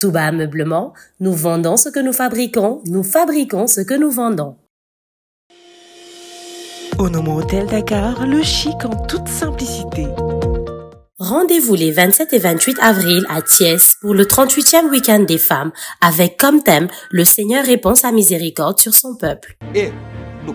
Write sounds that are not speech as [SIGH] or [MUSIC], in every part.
Tout bas meublement, nous vendons ce que nous fabriquons, nous fabriquons ce que nous vendons. Au de Hôtel Dakar, le chic en toute simplicité. Rendez-vous les 27 et 28 avril à Thiès pour le 38e week-end des femmes avec comme thème Le Seigneur répond sa miséricorde sur son peuple. Et eh, nous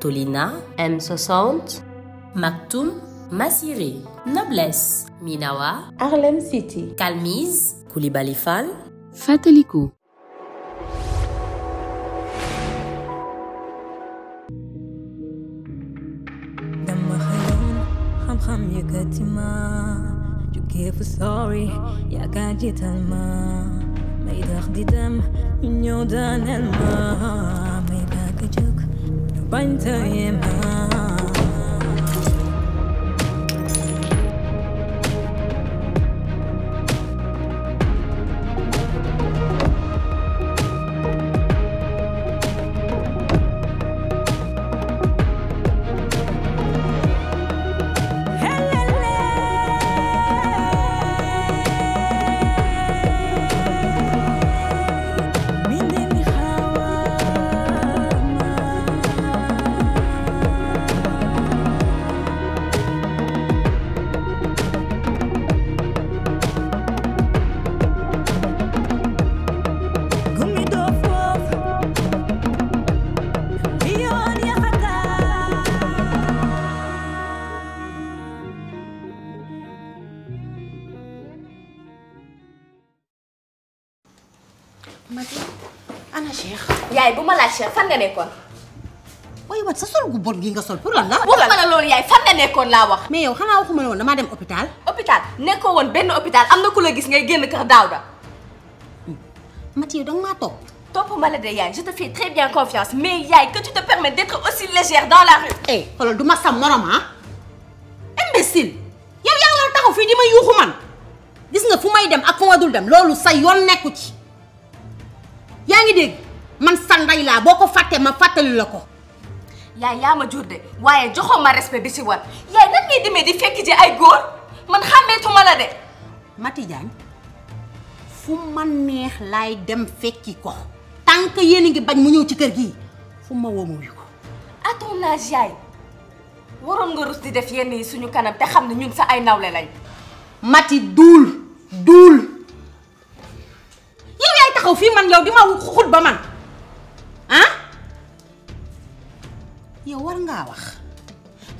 Tolina, M60, Maktoum, Masiri, Noblesse, Minawa, Harlem City, Kalmiz, Koulibalifan Fatelikou. xam ya katima jugee fu sori yaakaar jiital ma may ma run to him. yaay bu ma laajte fan nga nekkoon. waaye wat sa sol gu bon gi nga sol pour lan la. pour la loolu yaay fan nga nekkoon laa wax. mais yow xanaa waxuma la woon damaa dem hôpital. hôpital nekkoo woon benn hôpital am na ku la gis ngay génn kër Daouda. Hmm. Mathieu danga maa topp. topp ma la de yaay je te fais très bien confiance mais yaay que tu te permets d'être aussi légère dans la rue. eh xoolal du ma sa morom ah. imbécile yow yaa ngi taxaw fii di ma yuuxu man gis nga fu may dem ak fu dul dem loolu sa yoon nekku ci ngi dégg. man sa la boko boo ko fàttee ma fàttali la ko. yaay yaa ma jur de waaye joxoo ma respect bi ci war yaay nan ngay demee di fekk ji ay man xàmmeetuma la de. Mati Diagne fu ma neex dem fekki ko tant que yéen a ngi bañ mu ñëw ci kër gi fu ma woo ma ko. à ton âge yaay nga rus di def yenn suñu kanam te xam ñun sa ay nawle lañ. Mati dul, dul. yow yaay taxaw fii man yow di ma xut ba man. yow war ngaa wax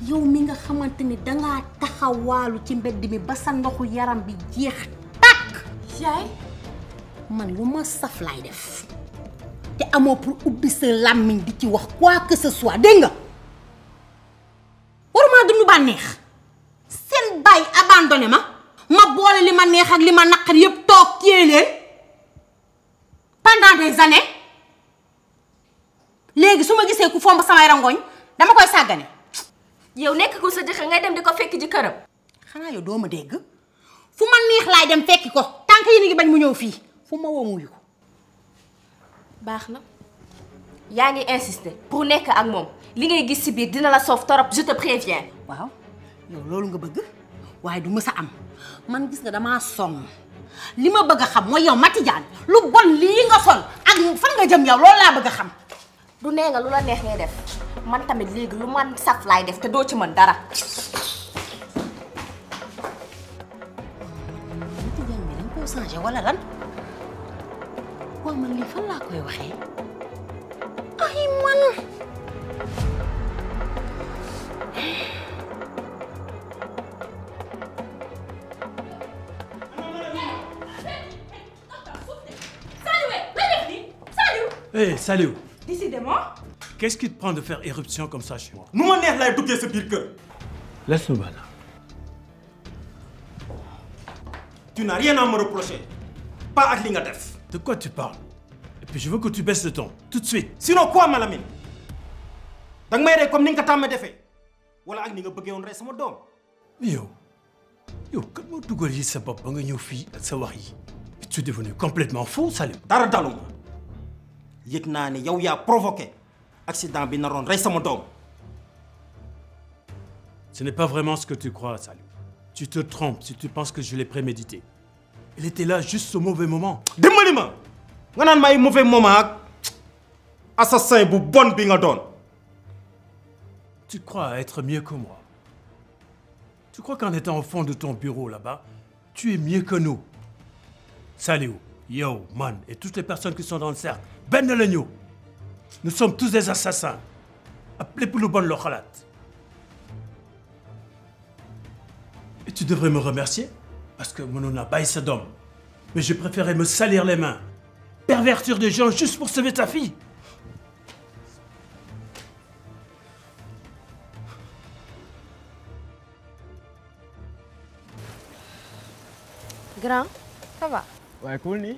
yow mi nga xamante ni dangaa taxawaalu ci mbedd mi ba sa ndoxu yaram bi jeex tàkk. yaay man lu ma saf laay def te amoo pour ubbi sa làmmiñ di ci wax quoi que ce soit dégg nga waruma duñu bànneex seen bàyyi abandonné ma ma boole li ma neex ak li ma naqar yépp toog téye leen pendant léegi su ma gisee ku fomb samay rangoñ dama koy sàggane. yow nekk ko sa jëkkër ngay dem di ko fekk ji këram. xanaa yow doo ma dégg fu ma neex laay dem fekki ko tànk yi ni ngi bañ mu ñëw fii fu ma woo mu baax na yaa ngi insister pour nekk ak moom li ngay gis ci biir dina la soof torop je te yow loolu nga bëgg waaye du mësa am man gis nga dama sonn li ma bëgg a xam mooy yow Mati Diagne lu bon lii nga sol ak fan nga jëm yow loolu laa bëgg xam. du nee nga lu la neex ngay def. man tamit léegi lu man saf lay def te doo ci mën dara. étudiant bi dañ koo changé wala lan waaw man lii fan laa koy waxee ay man. Hey, eh, salut Qu'est-ce qui te prend de faire éruption comme ça chez moi Nous sommes neex laay duggee sa pire cœur..! Laisse-nous là. Tu n'as rien à me reprocher. Pas à li De quoi tu parles? Et puis je veux que tu baisses le ton, tout de suite. Sinon quoi Malamine? Tu as may comme ni nga fait Ou defee wala ak ni nga bëggee woon rey sama doom. Mais yow yow fait Tu es devenu complètement fou Salim. dara Tu as provoqué accident bi reste à mon dom Ce n'est pas vraiment ce que tu crois, Salou. Tu te trompes si tu penses que je l'ai prémédité. Il était là juste au mauvais moment. Démoliment. ma may mauvais moment assassin bon Tu crois être mieux que moi. Tu crois qu'en étant au fond de ton bureau là-bas, tu es mieux que nous. Salut, yo, man et toutes les personnes qui sont dans le cercle, ben le nous sommes tous des assassins Appelez pour le bon Lokhalat. et tu devrais me remercier parce que mon pas baissé d'homme. d'homme mais je préférais me salir les mains pervertir des gens juste pour sauver ta fille grand ça va Ouais, cool ni.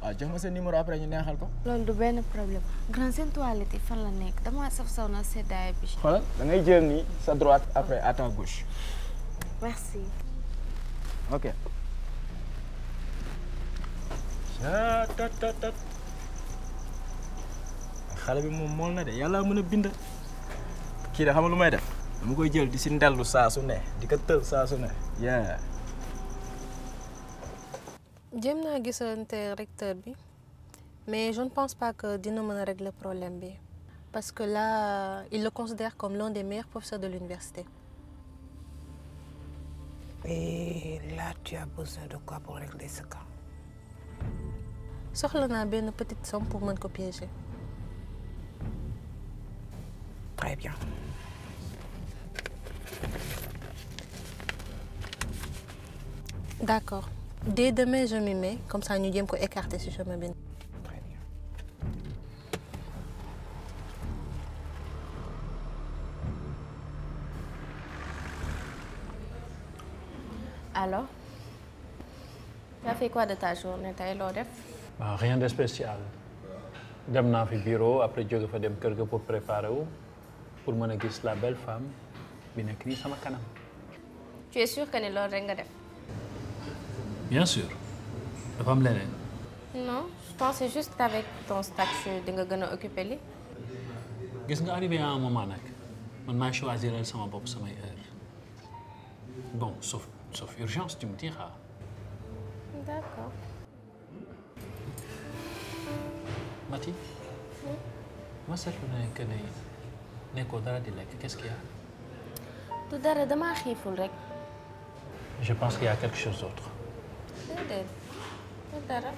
waaw jox ma sa numéro après ñu neexal ko. loolu du benn problème grand seen toilette yi fan la nekk damaa saf saw na seddaay bi. xoolal da ngay jël nii sa droite après à ta gauche. merci. ok. xale bi moom mool na de yàlla mën a bind. kii de xam lu may def. dama koy jël di si ndellu saa su ne di ko tël saa su ne. yeah. Ya. Je suis recteur mais je ne pense pas que Dino régler le problème parce que là il le considère comme l'un des meilleurs professeurs de l'université. Et là tu as besoin de quoi pour régler ce cas? soxla naa une petite somme pour me Très bien. D'accord dès demain je m'y mets comme ça nous devons ko écarter ci chemin bien. alors tu as fait quoi de ta journée tey bah, rien de spécial Je suis allé au bureau après jóge fa dem kër ga pour préparer Pour pour je a gis la belle femme bi nekk à sama kanam. tu es sûr que tu as fait nga bien sûr dafa am leneen. non je pensais juste avec ton statut tu nga gën a occuper li. gis nga arrivé à un moment où man maa choisir sama bopp samay heure bon sauf sauf urgence tu me diras. d'accord. Mathie. oui. ma seetlu que que ne connais dara de qu'est-ce qu'il y a. du rek. je pense qu'il y a quelque chose d'autre. 근데 따라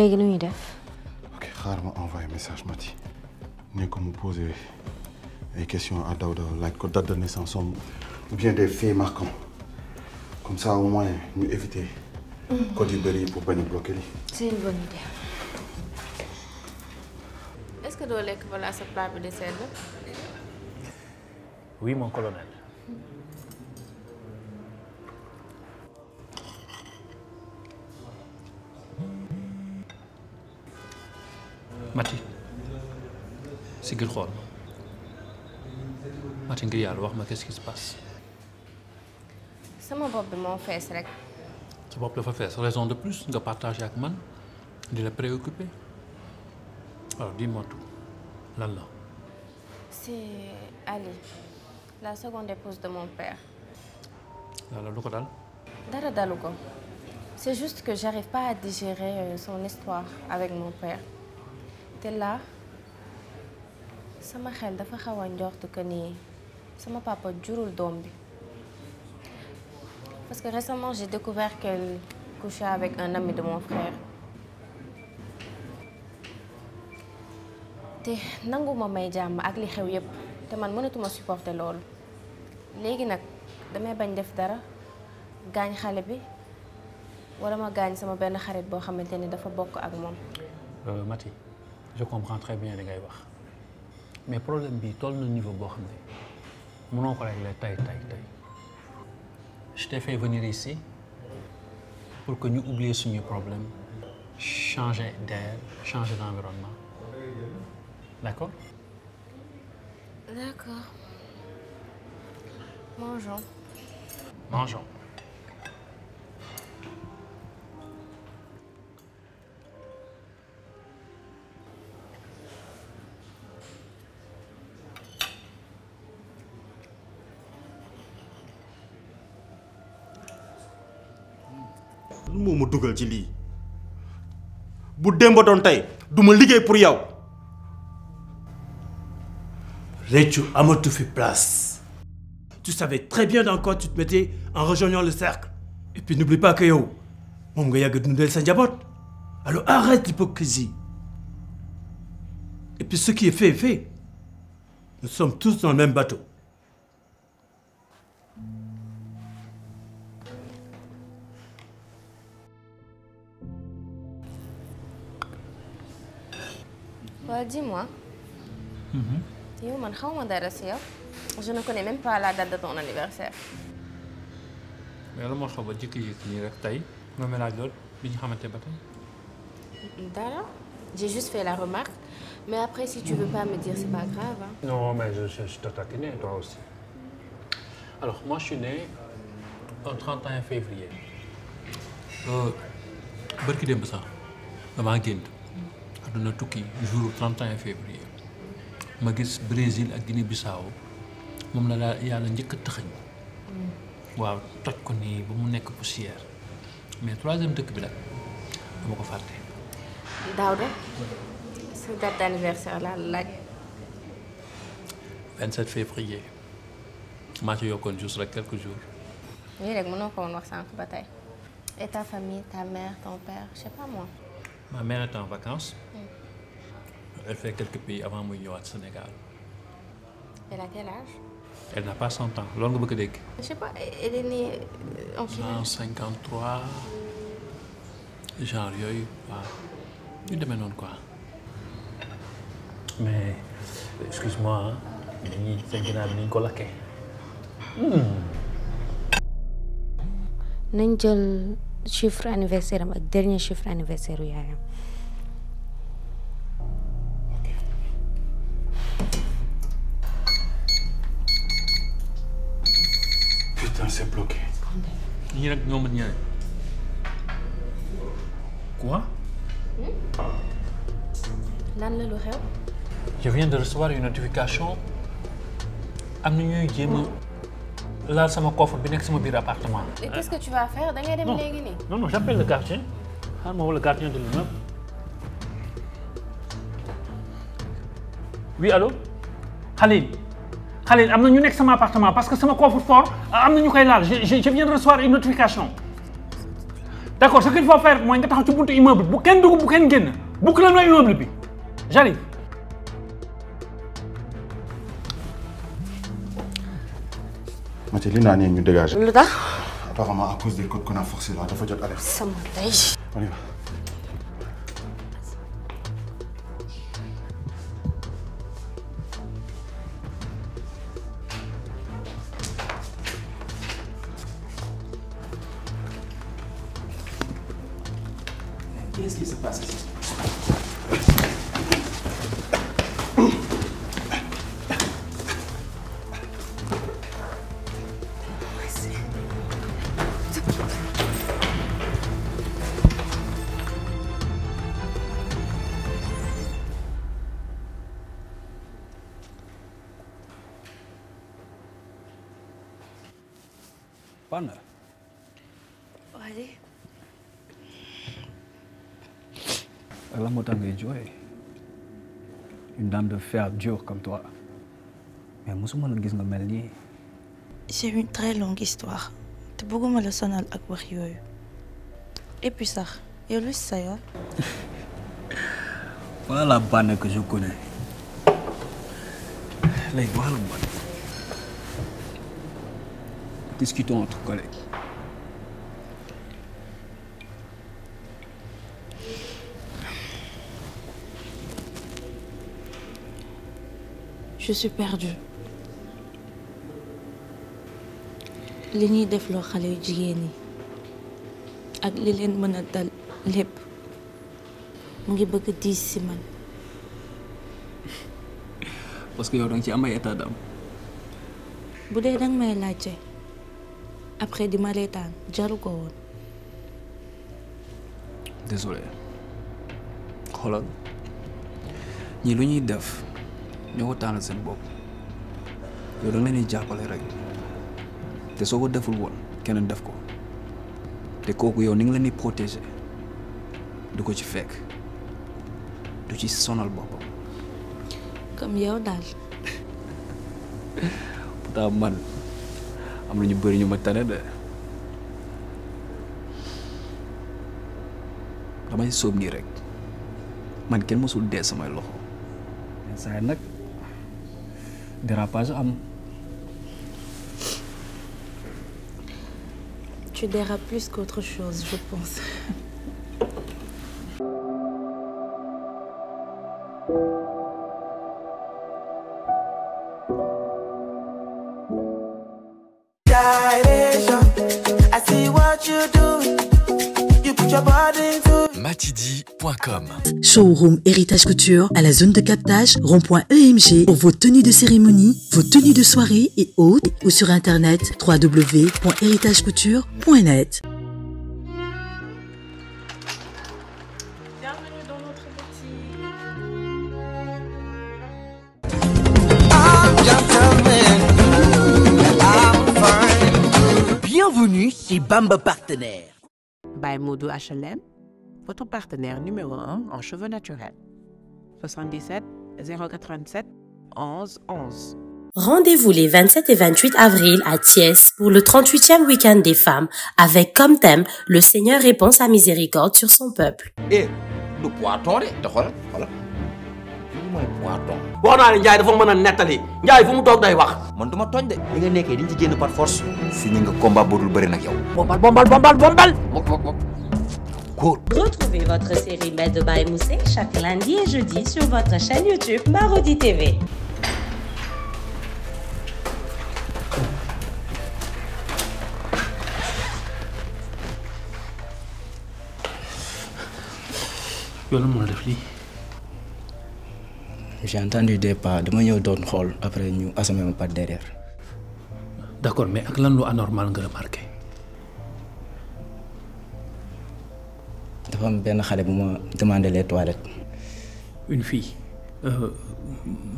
léegi que ñuy va ok xaaral ma un message Mati ne ko me pose des questions à Daouda like la date de naissance ou bien des faits marquants comme ça au moins nous éviter. Mhm. code yu du bruit pour pas nous bloquer c'est une bonne idée. est-ce que tu lekk que sa plat de dessert oui mon colonel. c'est siggil xool matti ngir yàlla qu'est-ce qui se passe. C'est mon propre moo fees C'est mon propre fait fees raison de plus de partager avec moi. de la préoccuper alors dis-moi tout Là, là. c'est Ali la seconde épouse de mon père. Là, lu ko dal. dara dalu ko c'est juste que j'arrive pas à digérer euh, son histoire avec mon père là sama xel dafa xawa que sama papa parce que récemment j'ai découvert qu'elle couchait avec un ami de mon frère te nanguma may Je ak li xew yépp man damay bañ def dara bi wala ma sama xarit dafa ak euh, Mati je comprends très bien les gars. Mais mais problème est que na niveau boo Je ne régler taille, taille, taille. je t'ai fait venir ici pour que nous oublions ce problème changer d'air changer d'environnement d'accord d'accord Bonjour. mangeons ma ci pour amatu fait place. Tu savais très bien dans quoi tu te mettais en rejoignant le cercle. Et puis n'oublie pas que yow moom qui a dundal sa njaboot. Alors arrête l'hypocrisie. Et puis ce qui est fait est fait. Nous sommes tous dans le même bateau. dis-moi. yow man xaw ma dara si je ne connais même pas la date de ton anniversaire. mais lu ma xaw dit que jékki nii rek tey nga mel laaj lool bi ñu xamante ba tey. dara j'ai juste fait la remarque mais après si tu veux pas me dire c'est pas grave hein. non mais je je te toi aussi. alors moi je suis né le 31 février. barki démb sax ça gént dina tukki jour 31 février ma gis Brésil ak Guinée Bissau moom la daal ñëk njëkk a waaw toj ko ni ba mu nekk poussière mais troisième dëkk bi la dama ko fàtte. Daouda sa date d'anniversaire la laaj. 27 février ma ci yokkoon juste rek quelques jours. lii rek mënoo ko woon wax sànq ba tey et ta famille ta mère ton père je sais pas moi. Ma mère est en vacances. Elle fait quelques pays avant de venir au Sénégal. Elle a quel âge Elle n'a pas 100 ans. Longue Bokedek. Je sais pas, elle est née euh, en quel En 53. Genre, il y a quoi. Mais, excuse-moi, hein? c'est chiffre anniversaire Le dernier chiffre anniversaire e putain c'est bloqué quoi hmm? je viens de recevoir une notification laal sama coffre bi nek sama biir appartement. et qu'est-ce que tu vas faire da ngay dem légui ni non non j'appelle le gardien xaaral ma le gardien de l'immeuble. oui allô Khalil Khalil amna ñu nek sama appartement parce que sama coffre-fort amna ah, na ñu koy laal je je viens de recevoir une notification. d'accord ce qu'il faut faire mooy nga taxaw ci buntu immeuble bu kenn dugg bu kenn génn boucler na immeuble bi j'arrive c'est l'unanime ñu dégage. lu apparemment à cause des codes qu'on a forcés là dafa jot alerte. Ça lay. on y va. une dame de fer dure comme toi mais pas la gis mel j'ai une très longue histoire je ne la sonal et puis ça, et y ça lui voilà la bande que je connais les discutons entre collègues. je suis perdue li ñuy defloo xale yu jigéen yi ak li leen mën a dal lépp mu ngi bëgg diis si man [LAUGHS] parce que yow danga ci am ay état d'âme bu dee danga may laajte après di ma reetaan jaru ko woon désolé xoolal ñi lu ñuy def ñoo ko seen bopp yow da nga jàppale rek te soo ko deful woon keneen def ko te kooku yow ni nga leen di protéger du ko ci fekk du ci sonal boppam. comme yow daal. [LAUGHS] pourtant man am na ñu bëri ñu ma tane de damay sóob nii rek man kenn mësul dee samay loxo saa nag. dérapage am. Tu déras plus qu'autre chose, je pense. [LAUGHS] Showroom Héritage Couture à la zone de captage rond.emg pour vos tenues de cérémonie, vos tenues de soirée et autres ou sur internet www.héritagecouture.net. Bienvenue chez Bamba Partenaire. By Modo HLM votre partenaire numéro 1 en cheveux naturels. 77 087 11 11. Rendez-vous les 27 et 28 avril à Thiès pour le 38e week-end des femmes avec comme thème Le Seigneur répond sa miséricorde sur son peuple. Eh, du poiton de xoolal xoolal lii mooy poiton. boo naa ne Ndiaye dafa mën a nettali Ndiaye fu mu toog day wax. man du ma tooñ de. li nga nekkee di nga ci génn par force. signé nga combat bu dul bëri nag yow. bombal bombal bombal bombal. Retrouvez votre série Made by Moussé chaque lundi et jeudi sur votre chaîne YouTube Marodi TV. J'ai entendu des pas, de ñëw doon hall après à ce même pas derrière. D'accord, mais avec lan lu anormal remarqué. dafa am benn xale bu ma demandé les toilettes. une fille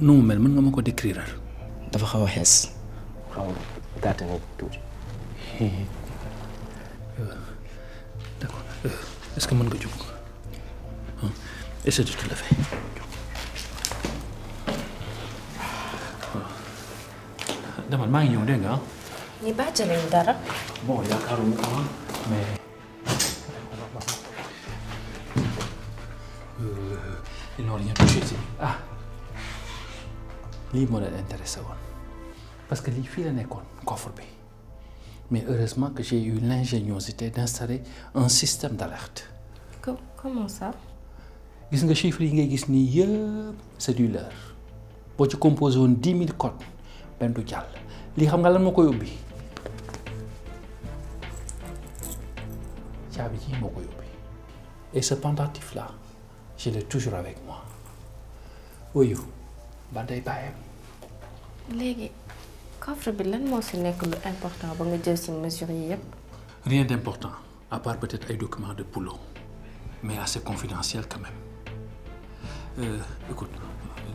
nu mu mel mën nga ma ko décrire. dafa xaw a xees. xaw a gàtt na tuuti. d' accord est ce que mën nga jóg essaie de te lever. demal maa ngi ñëw dégg nga ah. ñu bàjjale ñu dara. bon yaakaaruma ah mais. Il n'ont rien touché, c'est Ah Lui, moi, est intéressé parce que lii fii la un coffre mais heureusement que j'ai eu l'ingéniosité d'installer un système d'alerte. comment ça. gis nga chiffres yi ngay qui sont yëpp c'est du leurre Pour tu composé une dix mille codes ben du jàll lii xam nga lan moo koy ubbi caabi ji moo et ce pendentif là je l'ai toujours avec moi Oui. est day Légui, coffre bi lan lu important ba rien d'important à part peut-être un documents de boulot mais assez confidentiel quand même euh, écoute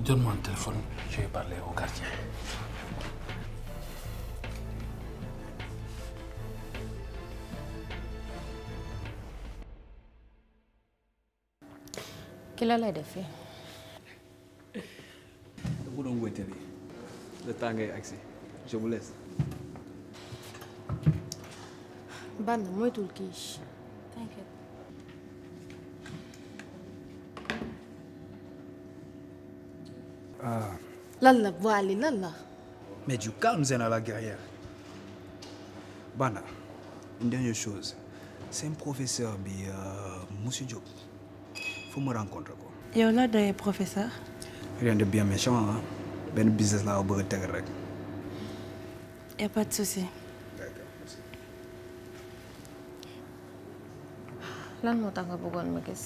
donne-moi un téléphone je vais parler au gardien Quel la lay def fii. da ko le temps ngay je vous laisse. Band moytul kii. t'inquiète. ah. lan la Lala, mais du calme Zena la guerrière. Bana, une dernière chose C'est un professeur bi euh, monsieur Diop faut me rencontrer ko. yow laa doyee professeur. rien de bien méchant Hein? Ben business là, bëgg a tegal rek. y a pas de souci. lan moo tax nga bëggoon ma gis.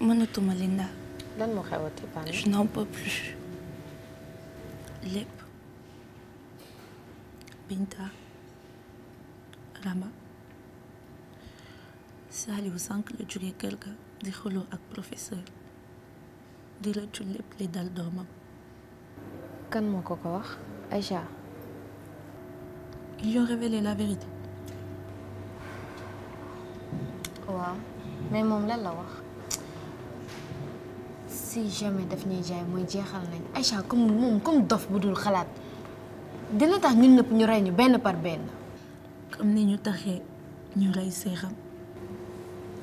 mënatuma Linda. lan moo xewati Pane. je n'en peux plus. Lep. Binta. Rama. Saliou Sànq la jóge kër ga di xuloo ak professeur di la jul lépp li dal doomam kan moko ko wax Aïcha ils lui ont révélé la vérité wa mais mom la la wax si jamais daf ñuy jaay moy jeexal nañ Aïcha comme mom comme dof bu dul xalaat dina tax ñun nepp ñu ray ñu ben par ben comme ni ñu taxé ñu ray seexam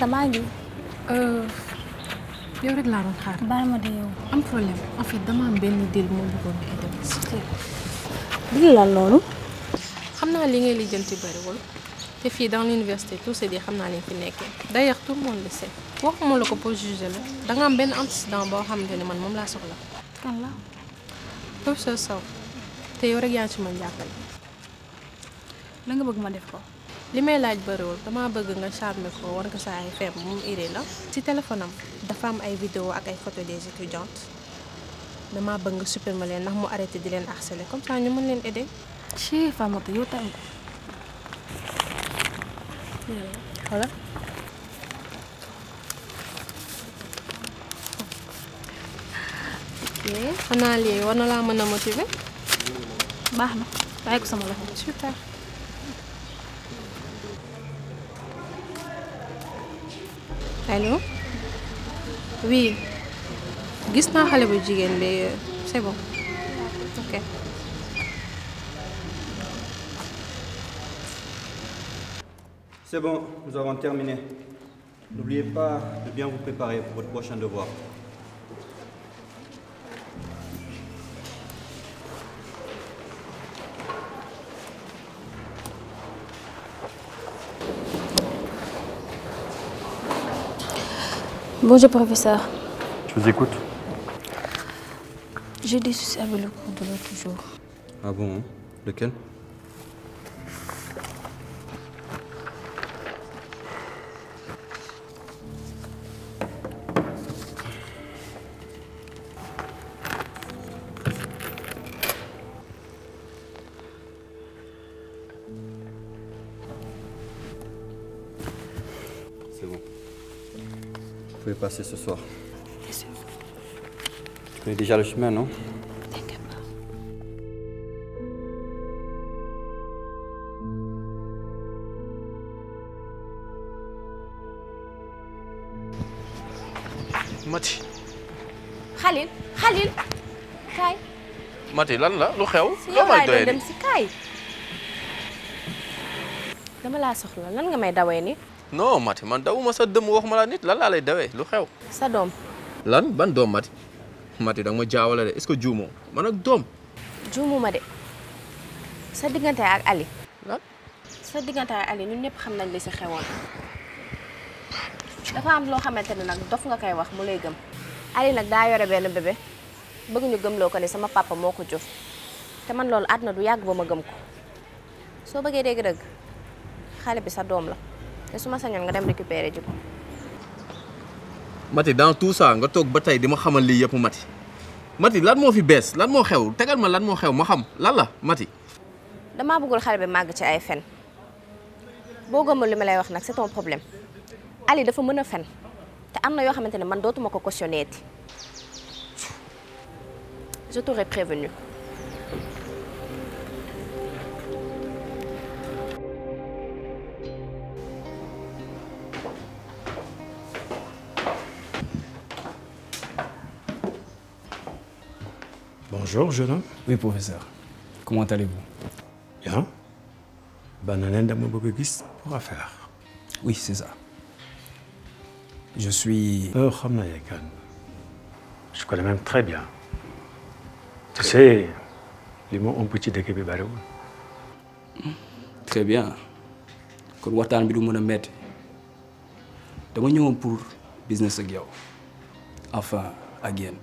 Aida maa ngi. Euh, yow rek laa doon xaar. bàyyi ma de yow. am problème en fait dama am benn deal moo bëggoon a dem. dil lan loolu. xam naa li ngay lijjanti bëriwul te fii dans l'université tout ce xam naa li fi nekkee d'ailleurs tout le monde ko la da am benn antécédent boo xamante ne man moom laa soxla. kan la. professeur Sow te yow rek yaa ngi ci mën jàppale. la nga bëgg ma def ko. li may laaj bariwul damaa bëgg nga charmer ko war nga sa ay feem mu iré la ci téléphone dafa am ay vidéo ak ay photo des étudiantes dama bëgg nga supprimer leen ndax mu arrêté di leen harceler comme ça ñu mën leen aider ci Famata yow tam voilà xanaa lii war na laa mën a motiver baax na bàyyi ko sama loxo super Allô. oui c'est bon ok c'est bon nous avons terminé n'oubliez pas de bien vous préparer pour votre prochain devoir Bonjour, professeur. Je vous écoute. J'ai des soucis avec le cours de l'autre jour. Ah bon hein Lequel ce soir. Tu déjà le chemin, non Mati. Khalil Khalil Kay. Mati lan la lu xew. Lo may c'est si Kay. lan nga may dawé no Mati man dawuma sa dëmm waxuma la nit lan laa lay dawee lu xew. sa doom. lan ban doom Mati. Mati danga ma jaawale de est que juumoo man ak doom. juumuma de sa diggante ak Ali. lan sa diggante xam nañ li si xewoon. dafa am loo xamante ne nag dof nga koy wax mu lay gëm. Ali nag daa yore benn bébé bëgg ñu loo ko ne sama pàppa moo ko jur te man loolu àdduna du yàgg ba ma gëm ko soo bëggee dégg-dëgg xale bi sa doom la. te su ma sañoon nga dem récupérer ji ko. Mati dans tout ça nga toog ba tey di ma xamal lii yëpp Mati Mati lan moo fi bees lan moo xew tegal ma lan moo xew ma xam lan la Mati. damaa bëggul xale bi màgg ci ay fen boo gëmul li ma lay wax nag c'est ton problème Ali dafa mën a fen te am na yoo xamante ne man dootuma ko cautionner je t'aurais Bonjour, jeune homme. Oui, professeur. Comment allez-vous Bien. Bananen d'Amobobegis pour affaire. Oui, c'est ça. Je suis... Euh, je connais même très bien. Tu sais, les mots ont petit de Kébibaro. Très bien. Quand Watan Bidou m'a mettre, je suis pour business avec Enfin, again.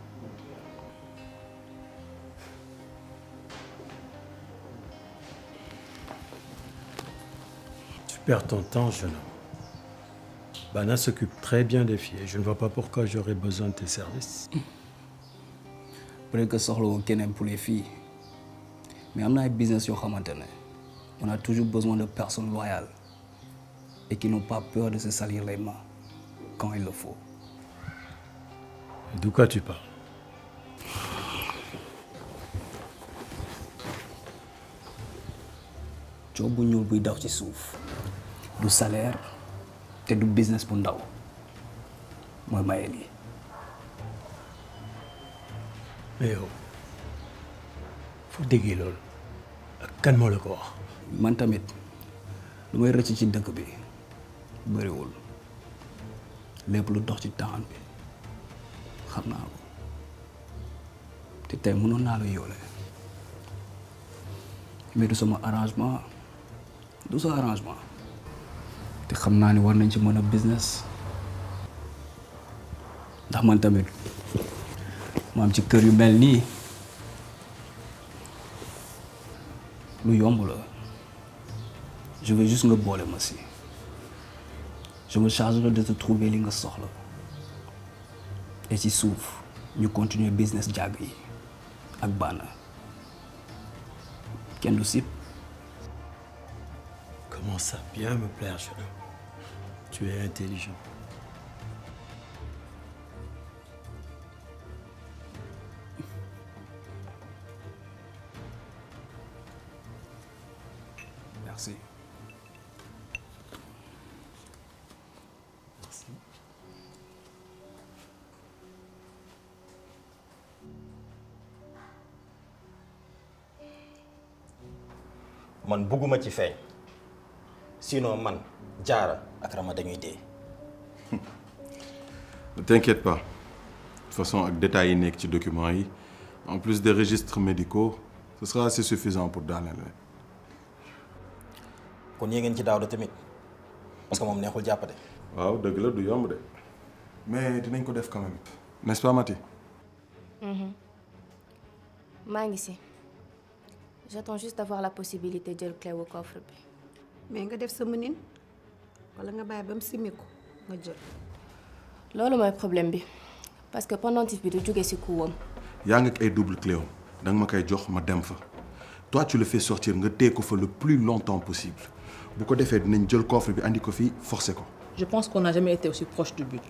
perds ton temps, jeune homme. Bana s'occupe très bien des filles. Je ne vois pas pourquoi j'aurais besoin de tes services. pour les filles. Mais on a un business On a toujours besoin de personnes loyales et qui n'ont pas peur de se salir les mains quand il le faut. D'où quoi tu parles du salaire te du business bu ndaw mooy maye lii mais yow foo déggee loolu ak kan moo la ko wax man tamit lu may rëcc ci dëkk bi bëriwul lépp lu dox ci temps bi xam naa ko te tey mënoon naa la yóole mais sama arrangement du sa arrangement te xam ni war nañ ci mën a business ndax man tamit ma am ci kër yu mel nii lu yomb la je veux juste nga boole ma si je me chargerai de te trouver li nga soxla et ci suuf ñu continuer business jàgg yi ak bànn kenn du sip Comment ça bien me plaire, jeune Tu es intelligent. Merci. Merci. man sinon man jaara ak Rama dañuy ne t'inquiète pas de toute façon les détails documents en plus des registres médicaux ce sera assez suffisant pour daaneel kon yéen ci daaw tamit parce que je neexul jàppate. waaw deug la du yomb de. mais dinañ ko def quand même n'est-ce pas Mathi. Je suis si j'attends juste d'avoir la possibilité de le clé au coffre mais nga def sa mënin wala nga baye bam mu nga jël. loolu moy problème bi parce que pendentif bi du jugé ci kuwam. yaa ngi ak ay double clé am ma kay jox ma dem fa toi tu le fais sortir nga téye ko fa le plus longtemps possible bu ko defee dinañ jël coffre bi andi ko fi forcer ko. je pense qu'on n'a jamais été aussi proche du but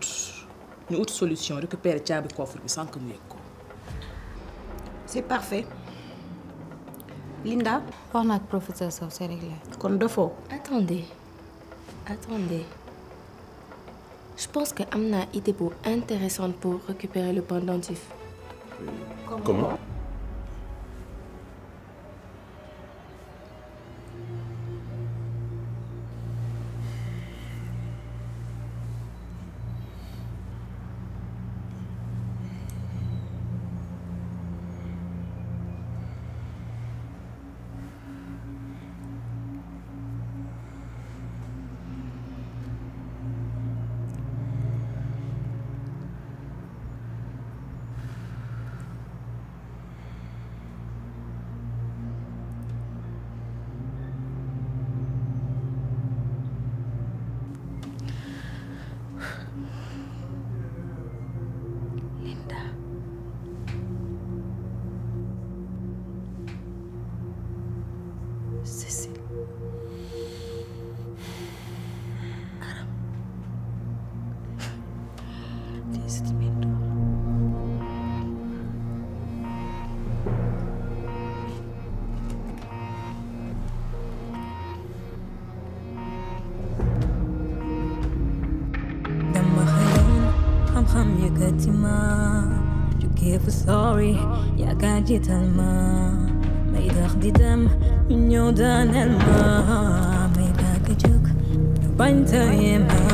ñu autre solution récupérer caabi coffre bi sans que nous yëg ko. c'est parfait. Linda On a profité professeur c'est réglé. kon dofoo. attendez attendez je pense que Amna était idée intéressante pour récupérer le pendentif. comment كاتما شو كيف صاري يا قاعد تلما ما يدخدي دم من يودان الماء ما يباقي جوك بنت يمها